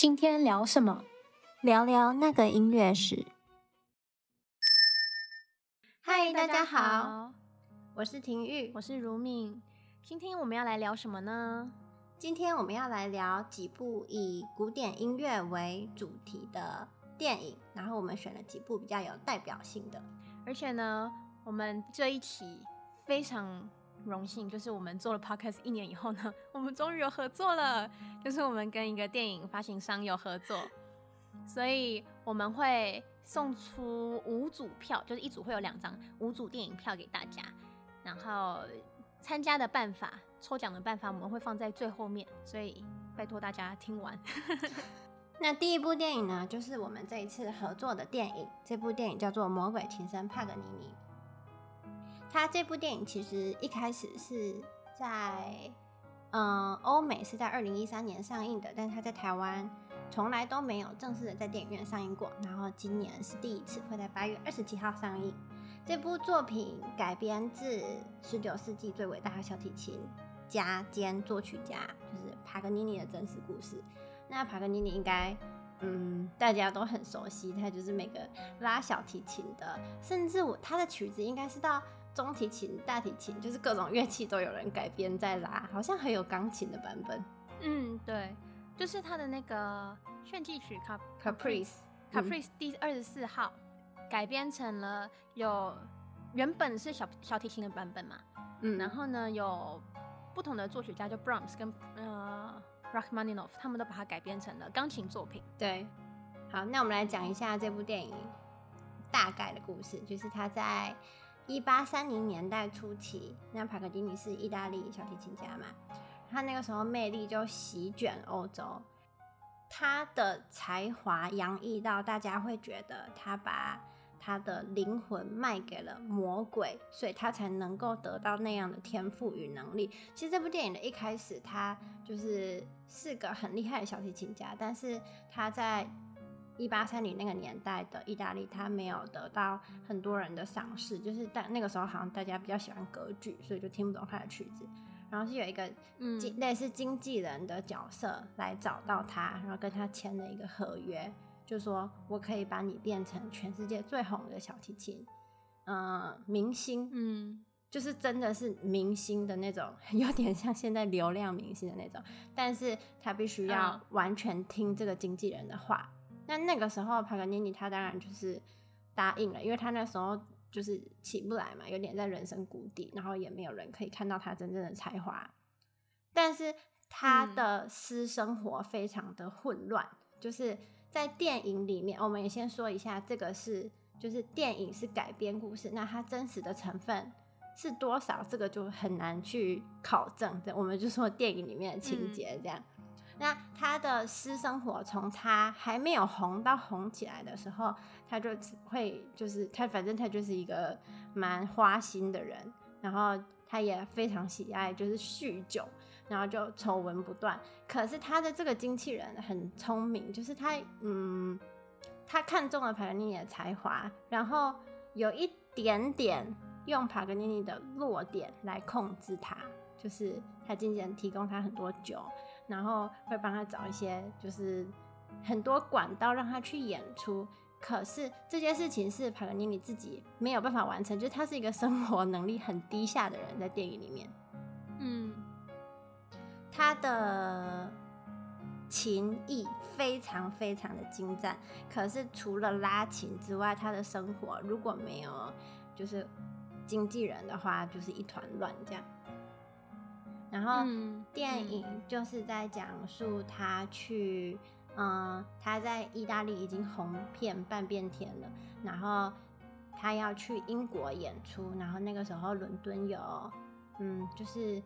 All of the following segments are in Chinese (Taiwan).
今天聊什麼？聊聊那個音樂史。嗨，大家好，我是婷玉，我是如敏。今天我們要來聊什麼呢？今天我們要來聊幾部以古典音樂為主題的電影，然後我們選了幾部比較有代表性的。而且呢，我們這一期非常榮幸，就是我們做了 Podcast 一年以後呢，我們終於有合作了。就是我們跟一個電影發行商有合作，所以我們會送出五組票，就是一組會有兩張五組電影票給大家。然後參加的辦法、抽獎的辦法我們會放在最後面，所以拜託大家聽完。 那第一部電影呢，就是我們這一次合作的電影，這部電影叫做《魔鬼琴聲帕格尼尼》。他這部電影其實一開始是在，嗯，歐美是在二零一三年上映的，但是他在台灣從來都沒有正式的在電影院上映過。然後今年是第一次會在八月二十七號上映。這部作品改編自十九世紀最偉大的小提琴家兼作曲家，就是帕格尼尼的真實故事。那帕格尼尼應該，嗯，大家都很熟悉，他就是每個拉小提琴的，甚至我他的曲子應該是到。中提琴、大提琴，就是各種樂器都有人改編在拉，好像還有鋼琴的版本。嗯，對，就是他的那個炫技曲《Cap Caprice Caprice》第二十四號，嗯、改編成了有原本是小小提琴的版本嘛。嗯，然後呢，有不同的作曲家，就 Brahms 跟呃 Rachmaninoff，他們都把它改編成了鋼琴作品。對，好，那我們來講一下這部電影大概的故事，就是他在。一八三零年代初期，那帕格尼尼是意大利小提琴家嘛，他那個時候魅力就席捲歐洲，他的才華洋溢到大家會覺得他把他的靈魂賣給了魔鬼，所以他才能夠得到那樣的天賦與能力。其實這部電影的一開始，他就是是個很厲害的小提琴家，但是他在。一八三零那個年代的意大利，他沒有得到很多人的賞識，就是但那個時候，好像大家比較喜歡歌劇，所以就聽不懂他的曲子。然後是有一個，嗯，經，類似經紀人的角色來找到他，然後跟他簽了一個合約，就說：“我可以把你變成全世界最紅的小提琴，琴，嗯、呃，明星，嗯，就是真的是明星的那種，有點像現在流量明星的那種。但是他必須要完全聽這個經紀人的話。嗯”那那個時候，帕格尼尼，他當然就是答應了，因為他那時候就是起不來嘛，有點在人生谷底，然後也沒有人可以看到他真正的才華。但是他的私生活非常的混亂。嗯，就是在電影裡面，我們也先說一下這個是，就是電影是改編故事，那它真實的成分是多少，這個就很難去考證。我們就說電影裡面的情節這樣。嗯那他的私生活，從他還沒有紅到紅起來的時候，他就只會就是他，反正他就是一個蠻花心的人，然後他也非常喜愛就是酗酒，然後就醜聞不斷。可是他的這個經紀人很聰明，就是他嗯，他看中了帕格尼尼的才華，然後有一點點用帕格尼尼的弱點來控制他，就是他經紀人提供他很多酒。然後會幫他找一些，就是很多管道讓他去演出。可是這件事情是帕格尼尼自己沒有辦法完成，就是、他是一個生活能力很低下的人。在電影裡面，嗯，他的琴藝非常非常的精湛，可是除了拉琴之外，他的生活如果沒有就是經紀人的話，就是一團亂這樣。然後電影就是在講述他去，嗯，嗯嗯，他在意大利已經紅遍半邊天了，然後他要去英國演出，然後那個時候倫敦有，嗯，就是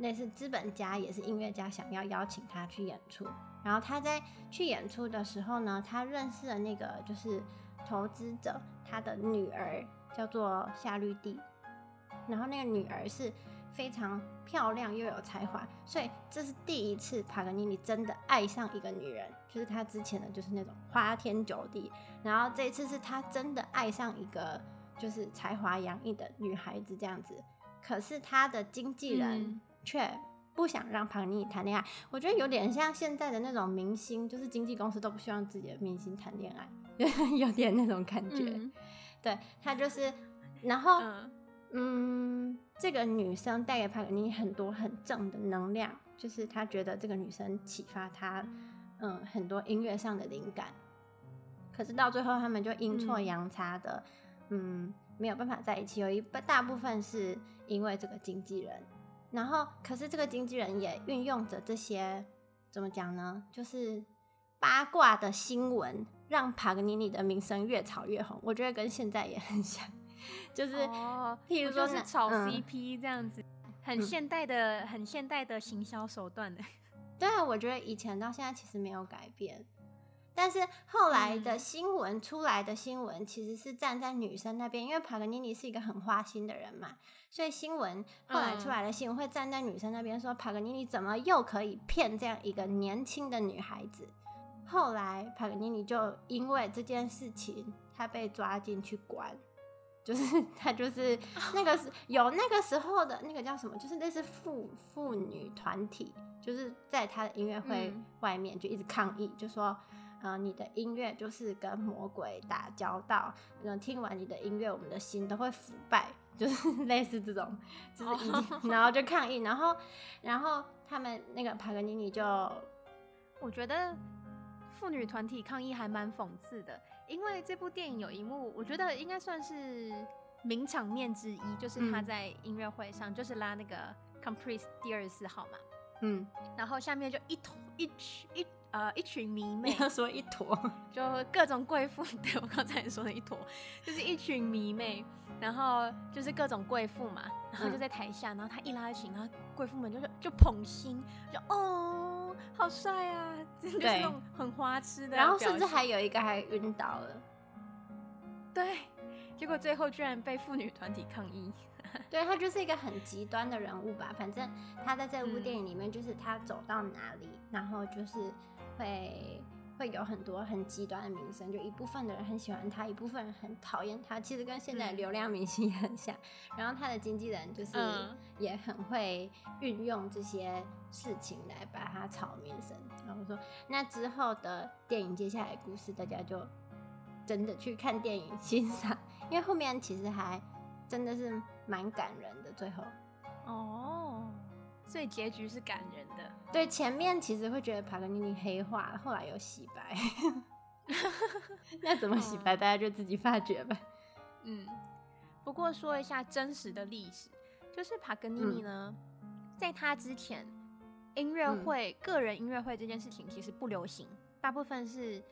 類似資本家也是音樂家想要邀請他去演出，然後他在去演出的時候呢，他認識了那個就是投資者他的女兒叫做夏綠蒂，然後那個女兒是。非常漂亮又有才華，所以這是第一次帕格尼尼真的愛上一個女人，就是他之前的就是那種花天酒地，然後這一次是他真的愛上一個就是才華洋溢的女孩子這樣子，可是他的經紀人卻不想讓帕格尼尼談戀愛，我覺得有點像現在的那種明星，就是經紀公司都不希望自己的明星談戀愛，有點那種感覺、嗯，對他就是，然後、嗯。嗯，這個女生帶給帕格尼尼很多很正的能量，就是他覺得這個女生啟發他，嗯，很多音樂上的靈感。可是到最後，他們就陰錯陽差的嗯，嗯，沒有辦法在一起。有一大部分是因為這個經紀人，然後，可是這個經紀人也運用着這些怎麼講呢？就是八卦的新聞，讓帕格尼尼的名聲越炒越紅。我覺得跟現在也很像。就是，oh, 譬如說是炒 CP、嗯、這樣子，很現代的、嗯、很現代的行銷手段呢。對啊，我覺得以前到現在其實沒有改變，但是後來的新聞、嗯、出來的新聞其實是站在女生那邊，因為帕格尼尼是一個很花心的人嘛，所以新聞後來出來的新聞會站在女生那邊，說、嗯、帕格尼尼怎麼又可以騙這樣一個年輕的女孩子？後來帕格尼尼就因為這件事情，他被抓進去關。就是他，就是那個是有那個時候的那個叫什麼，就是那是婦婦女團體，就是在他的音樂會外面就一直抗議，就說，呃，你的音樂就是跟魔鬼打交道，嗯，聽完你的音樂，我們的心都會腐敗，就是類似這種，就是然後就抗議，然後然後他們那個帕格尼尼就，我覺得婦女團體抗議還蠻諷刺的。因為這部電影有一幕，我覺得應該算是名場面之一，就是他在音樂會上，嗯，就是拉那個《Caprice 第二十四號》嘛，嗯，然後下面就一坨一群一,一呃一群迷妹，他說一坨，就各種貴婦，對我剛才也說了一坨，就是一群迷妹，嗯，然後就是各種貴婦嘛，然後就在台下，然後他一拉琴，然後貴婦們就說就捧心，就哦。好帥啊！真就是那種很花癡的。然後甚至還有一個還暈倒了。對，結果最後居然被婦女團體抗議。對，他就是一個很極端的人物吧，反正他在這部電影裡面，就是他走到哪裡，嗯、然後就是會。會有很多很極端的名聲，就一部分的人很喜歡他，一部分人很討厭他。其實跟現在流量明星也很像。然後他的經紀人就是也很會運用這些事情來把他炒名聲。然後我說，那之後的電影接下來的故事，大家就真的去看電影欣賞，因為後面其實還真的是蠻感人的。最後，哦、oh. 所以結局是感人的。對，前面其實會覺得帕格尼尼黑化，後來有洗白。那 怎麼洗白、啊，大家就自己發覺吧。嗯，不過說一下真實的歷史，就是帕格尼尼呢，嗯、在他之前，音樂會、嗯、個人音樂會這件事情其實不流行，大部分是。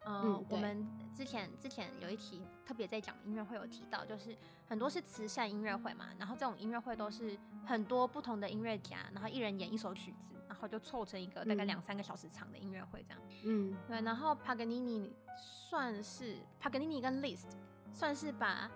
呃、嗯，我們之前之前有一期特別在講音樂會，有提到就是很多是慈善音樂會嘛，然後這種音樂會都是很多不同的音樂家，然後一人演一首曲子，然後就湊成一個大概兩三個小時長的音樂會這樣。嗯，對。然後帕格尼尼算是帕格尼尼跟 List 算是把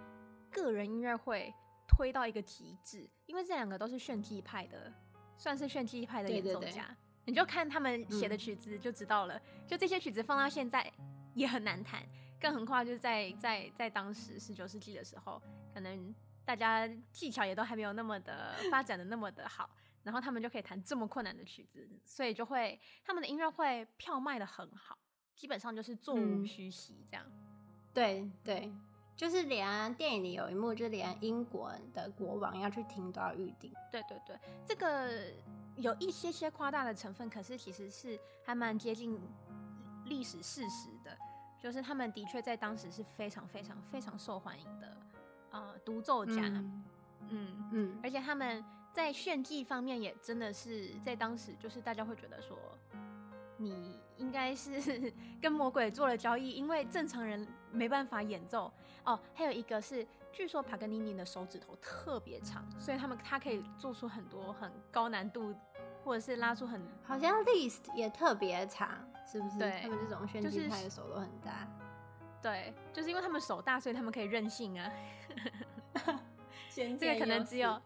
個人音樂會推到一個極致，因為這兩個都是炫技派的，算是炫技派的演奏家。對對對，你就看他們寫的曲子就知道了、嗯，就這些曲子放到現在。也很難彈，更何況就是在在在當時十九世紀的時候，可能大家技巧也都還沒有那麼的發展得那麼的好， 然後他們就可以彈這麼困難的曲子，所以就會他們的音樂會票賣得很好，基本上就是座無虛席這樣。嗯、對對，就是連電影裡有一幕，就是、連英國的國王要去聽都要預定。對對對，這個有一些些誇大的成分，可是其實是還蠻接近歷史事實的，就是他們的確在當時是非常非常非常受歡迎的啊，獨奏家，嗯嗯，嗯，而且他們在炫技方面也真的是在當時，就是大家會覺得說，你應該是跟魔鬼做了交易，因為正常人沒辦法演奏哦。還有一個是，據說帕格尼尼的手指頭特別長，所以他們他可以做出很多很高難度。或者是拉出很，好像 Liszt 也特別長，是不是？對，他們這種炫技派的手都很大，就是。對，就是因為他們手大，所以他們可以任性啊。 選選這個可能只有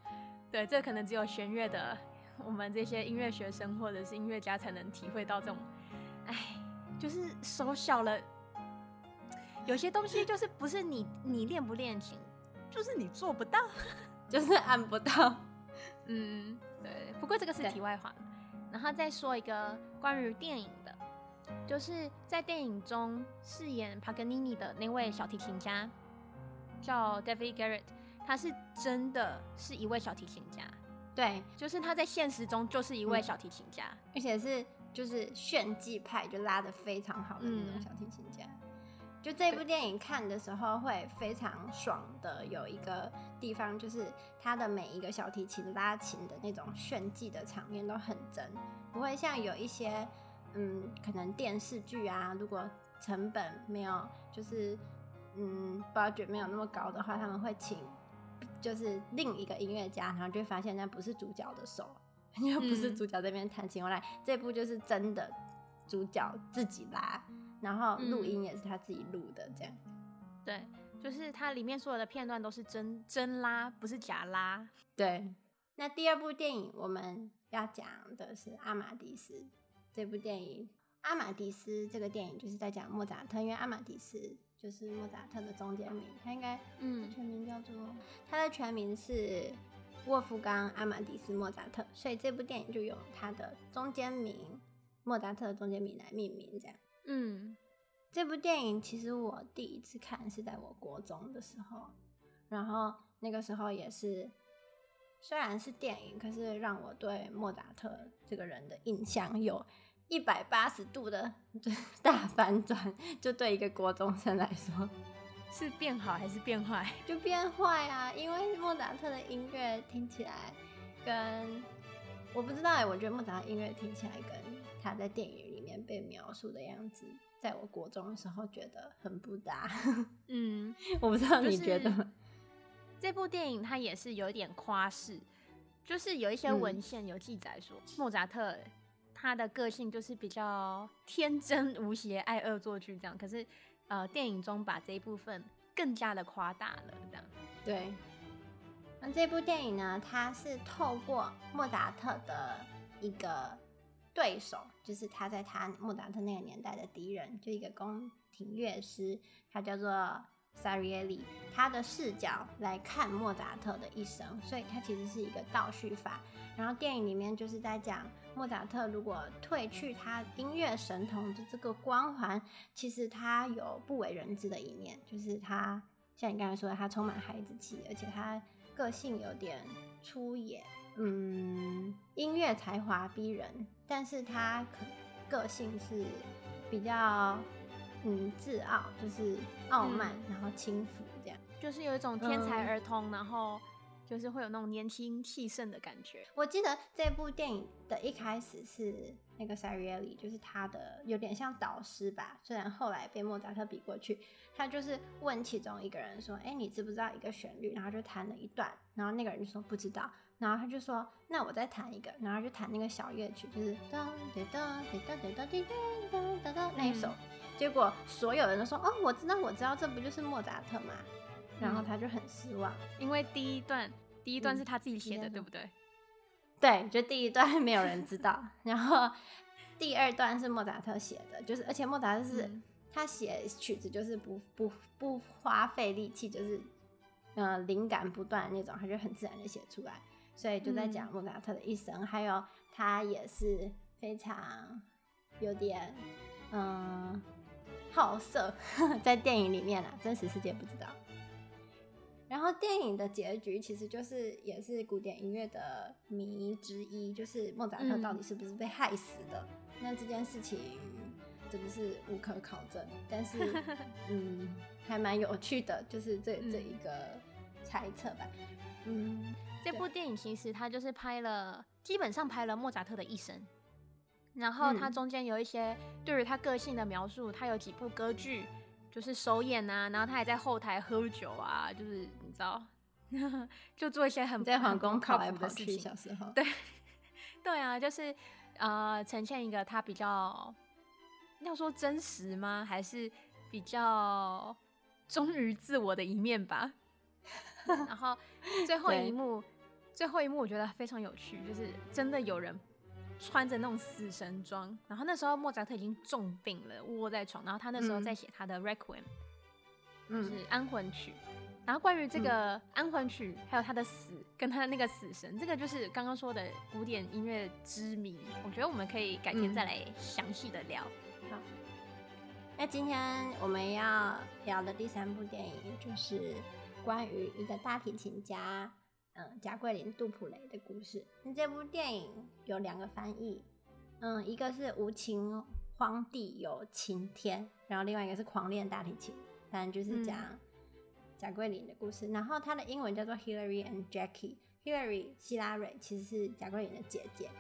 對，這個可能只有弦樂的我們這些音樂學生或者是音樂家才能體會到這種。哎，就是手小了，有些東西就是不是你 你練不練琴，就是你做不到， 就是按不到，嗯。不過這個是題外話，然後再說一個關於電影的，就是在電影中飾演帕格尼尼的那位小提琴家叫 David Garrett，他是真的是一位小提琴家，對，就是他在現實中就是一位小提琴家，嗯、而且是就是炫技派，就拉得非常好的那種小提琴家。嗯就這部電影看的時候會非常爽的，有一個地方就是它的每一個小提琴拉琴的那種炫技的場面都很真，不會像有一些嗯，可能電視劇啊，如果成本沒有就是嗯，budget 沒有那麼高的話，他們會請就是另一個音樂家，然後就發現那不是主角的手，嗯、又不是主角這邊彈琴。原來這部就是真的主角自己拉。然後錄音也是他自己錄的，嗯、這樣，對，就是它裡面所有的片段都是真真拉，不是假拉。對，那第二部電影我們要講的是《阿瑪迪斯》這部電影，《阿瑪迪斯》這個電影就是在講莫扎特，因為阿瑪迪斯就是莫扎特的中間名，他應該嗯全名叫做他的全名是沃夫岡·阿瑪迪斯·莫扎特，所以這部電影就用他的中間名莫扎特的中間名來命名，這樣。嗯，這部電影其實我第一次看是在我國中的時候，然後那個時候也是，雖然是電影，可是讓我對莫扎特這個人的印象有一百八十度的、就是、大反轉。就對一個國中生來說，是變好還是變壞？就變壞啊，因為莫扎特的音樂聽起來跟，我不知道哎、欸，我覺得莫扎特的音樂聽起來跟他的電影。被描述的樣子，在我國中的時候覺得很不搭。 嗯，我不知道你覺得、就是、這部電影它也是有一點誇飾，就是有一些文獻有記載說、嗯、莫扎特他的個性就是比較天真無邪、愛惡作劇這樣。可是，呃，電影中把這一部分更加的誇大了這樣。對。那這部電影呢，它是透過莫扎特的一個。對手就是他在他莫扎特那個年代的敵人，就一個宮廷樂師，他叫做薩里耶利。他的視角來看莫扎特的一生，所以他其實是一個倒敘法。然後電影裡面就是在講莫扎特如果褪去他音樂神童的這個光環，其實他有不為人知的一面，就是他像你剛才說的，他充滿孩子氣，而且他個性有點粗野，嗯，音樂才華逼人。但是他可個性是比較嗯自傲，就是傲慢、嗯，然後輕浮這樣，就是有一種天才兒童、嗯，然後就是會有那種年輕氣盛的感覺。我記得這部電影的一開始是那個薩列里，就是他的有點像導師吧，雖然後來被莫扎特比過去，他就是問其中一個人說，哎，你知不知道一個旋律？然後就彈了一段，然後那個人就說不知道。然後他就說：“那我再彈一個。”然後就彈那個小夜曲，就是噠噠噠噠噠噠噠噠噠噠那一首。嗯、結果所有人都說：“哦，我知道，我知道，這不就是莫扎特嗎、嗯？”然後他就很失望，因為第一段第一段是他自己寫的，對不對？對，就第一段沒有人知道。 然後第二段是莫扎特寫的，就是而且莫扎特是、嗯、他寫曲子就是不不不花費力氣，就是嗯、呃、靈感不斷那種，他就很自然的寫出來。所以就在講莫扎特的一生，嗯，還有他也是非常有點嗯好色， 在電影裡面啦，真實世界不知道。然後電影的結局其實就是也是古典音樂的謎之一，就是莫扎特到底是不是被害死的？嗯？那這件事情真的是無可考證，但是嗯 還蠻有趣的，就是這，嗯、這一個猜測吧，嗯。這部電影其實他就是拍了，基本上拍了莫扎特的一生，然後他中間有一些對於他個性的描述，他有幾部歌劇、嗯、就是首演啊，然後他還在後台喝酒啊，就是你知道， 就做一些很在皇宮靠不靠譜的事情，小時候。對對啊，就是呃，呈現一個他比較要說真實嗎，還是比較忠於自我的一面吧， 然後最後一幕。最後一幕我覺得非常有趣，就是真的有人穿着那種死神裝。然後那時候莫扎特已經重病了，窩在床，然後他那時候在寫他的《Requiem》，嗯，就是安魂曲。然後關於這個安魂曲，嗯，還有他的死，跟他的那個死神，這個就是剛剛說的古典音樂之謎。我覺得我們可以改天再來詳細的聊，嗯。好，那今天我們要聊的第三部電影就是關於一個大提琴家。嗯，賈桂林杜普雷的故事。那這部電影有兩個翻譯，嗯，一個是《無情荒地有情天》，然後另外一個是《狂戀大提琴》，反正就是講、嗯、賈桂林的故事。然後他的英文叫做《Hillary and Jackie》，Hillary 希拉蕊其實是賈桂林的姐姐，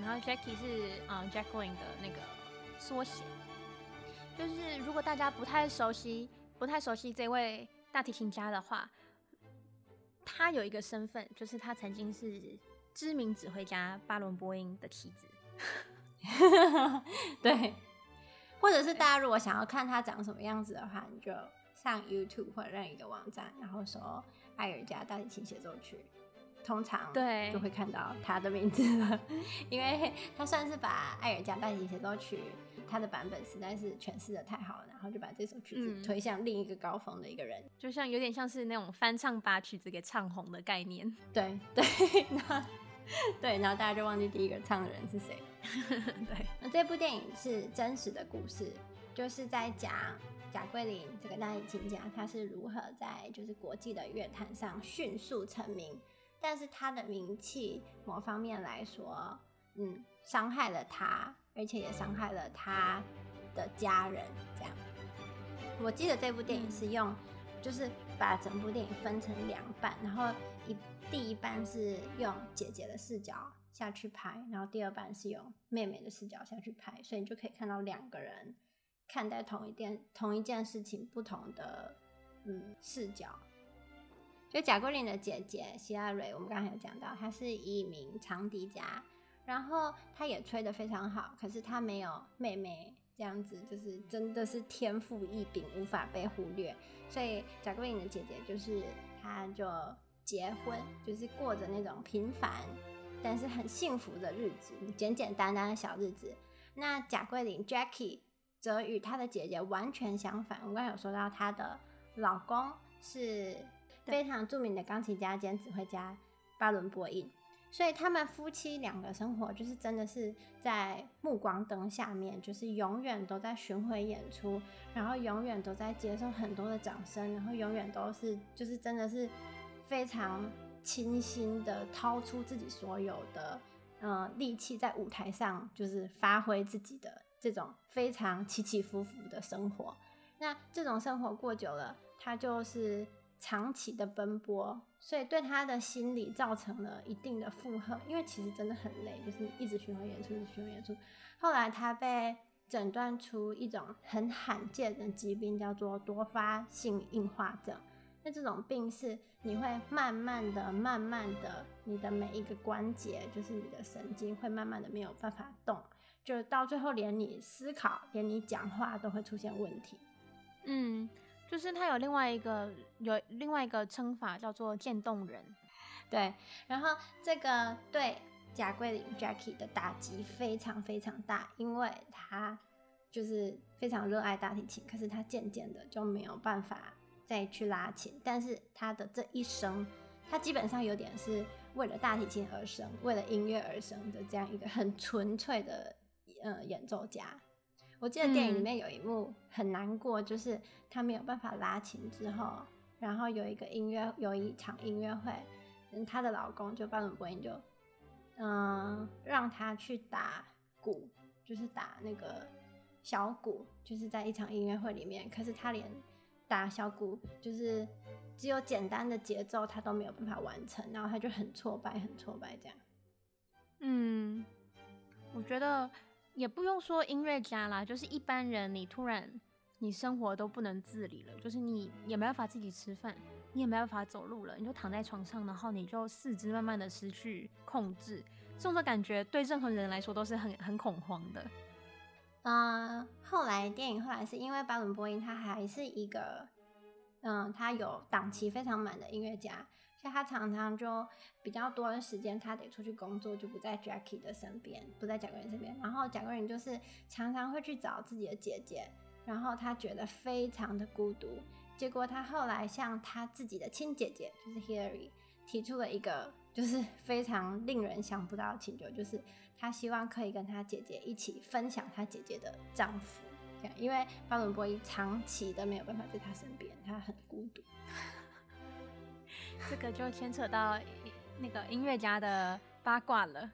然後 Jackie 是嗯、uh, Jacqueline 的那個縮寫。就是如果大家不太熟悉、不太熟悉這位大提琴家的話，他有一個身份，就是他曾經是知名指揮家巴倫波音的妻子。 對，或者是大家如果想要看他長什麼樣子的話，你就上 YouTube 或者任意一個網站，然後說《艾爾加大提琴協奏曲》，通常對就會看到他的名字了， 因為他算是把艾爾加大提琴協奏曲。他的版本實在是詮釋得太好了，然後就把這首曲子推向另一個高峰的一個人，嗯、就像有點像是那種翻唱把曲子給唱紅的概念。對對，那對，然後大家就忘記第一個唱的人是誰。對，那這部電影是真實的故事，就是在講賈桂林這個大提琴家，他是如何在就是國際的樂壇上迅速成名，但是他的名氣某方面來說，嗯，傷害了他。而且也傷害了他的家人，這樣。我記得這部電影是用，就是把整部電影分成兩半，然後一第一半是用姐姐的視角下去拍，然後第二半是用妹妹的視角下去拍，所以你就可以看到兩個人看待同一件同一件事情不同的嗯視角。就賈桂琳的姐姐希拉蕊，我們剛才有講到，她是一名長笛家。然後她也吹得非常好，可是她沒有妹妹這樣子，就是真的是天賦異稟，無法被忽略。所以賈桂琳的姐姐就是她，就結婚，就是過着那種平凡但是很幸福的日子，簡簡單單的小日子。那賈桂琳 Jackie 則與她的姐姐完全相反，我剛剛有說到她的老公是非常著名的鋼琴家兼指揮家巴倫博伊。所以他們夫妻兩個生活就是真的是在聚光燈下面，就是永遠都在巡迴演出，然後永遠都在接受很多的掌聲，然後永遠都是就是真的是非常傾心的掏出自己所有的呃力氣在舞台上，就是發揮自己的這種非常起起伏伏的生活。那這種生活過久了，他就是。長期的奔波，所以對他的心理造成了一定的負荷，因為其實真的很累，就是你一直巡迴演出，一直巡迴演出。後來他被診斷出一種很罕見的疾病，叫做多發性硬化症。那這種病是你會慢慢的、慢慢的，你的每一個關節，就是你的神經會慢慢的沒有辦法動，就到最後連你思考、連你講話都會出現問題。嗯。就是他有另外一個，有另外一個稱法叫做漸凍人，對。然後這個對賈桂琳 Jackie 的打擊非常非常大，因為他就是非常熱愛大提琴，可是他漸漸的就沒有辦法再去拉琴。但是他的這一生，他基本上有點是為了大提琴而生，為了音樂而生的這樣一個很純粹的呃演奏家。我記得電影裡面有一幕很難過，嗯、就是她沒有辦法拉琴之後，然後有一個音樂，有一場音樂會，她的老公就巴倫波因就，嗯，讓她去打鼓，就是打那個小鼓，就是在一場音樂會裡面，可是她連打小鼓，就是只有簡單的節奏，她都沒有辦法完成，然後她就很挫敗，很挫敗這樣。嗯，我覺得。也不用說音樂家啦，就是一般人，你突然你生活都不能自理了，就是你也沒辦法自己吃飯，你也沒辦法走路了，你就躺在床上，然後你就四肢慢慢的失去控制，這種感覺對任何人來說都是很很恐慌的。嗯、呃，後來電影後來是因為巴倫波音他還是一個，嗯，他有檔期非常滿的音樂家。他常常就比較多的時間，他得出去工作，就不在 Jackie 的身邊，不在賈桂琳身邊。然後賈桂琳就是常常會去找自己的姐姐，然後他覺得非常的孤獨。結果他後來向他自己的親姐姐，就是 Hilary，提出了一個就是非常令人想不到的請求，就是他希望可以跟他姐姐一起分享他姐姐的丈夫，這樣，因為巴倫伯伊長期的沒有辦法在他身邊，他很孤獨。 這個就牽扯到那個音樂家的八卦了，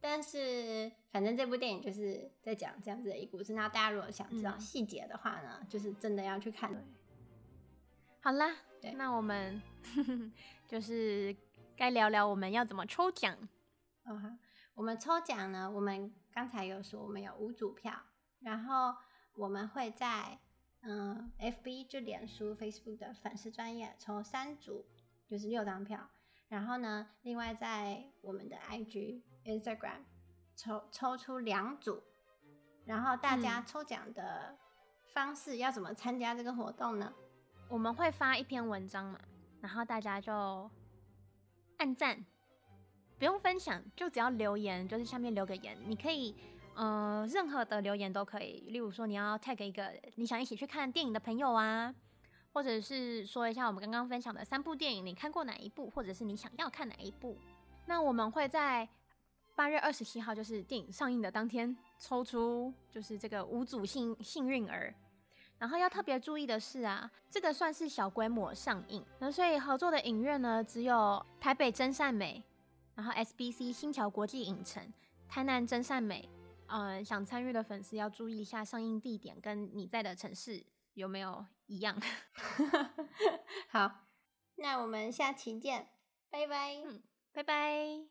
但是反正這部電影就是在講這樣子的一故事。那大家如果想知道細節的話呢，嗯、就是真的要去看。對，好啦，對，那我們 就是該聊聊我們要怎麼抽獎。哦，我們抽獎呢，我們剛才有說我們有五組票，然後我們會在嗯，F B 就臉書 Facebook 的粉絲專業抽三組。就是六張票，然後呢，另外在我們的 IG Instagram 抽抽出兩組，然後大家抽獎的方式，要怎麼參加這個活動呢？嗯、我們會發一篇文章嘛，然後大家就按讚，不用分享，就只要留言，就是下面留個言，你可以呃任何的留言都可以，例如說你要 tag 一個你想一起去看電影的朋友啊。或者是說一下我們剛剛分享的三部電影，你看過哪一部，或者是你想要看哪一部？那我們會在八月二十七號，就是電影上映的當天，抽出就是這個五組幸幸運兒。然後要特別注意的是啊，這個算是小規模上映，那所以合作的影院呢只有台北真善美，然後 SBC 星橋國際影城、台南真善美。嗯，想參與的粉絲要注意一下上映地點跟你在的城市有沒有。一樣，好，那我們下期見， 拜拜，嗯，拜拜。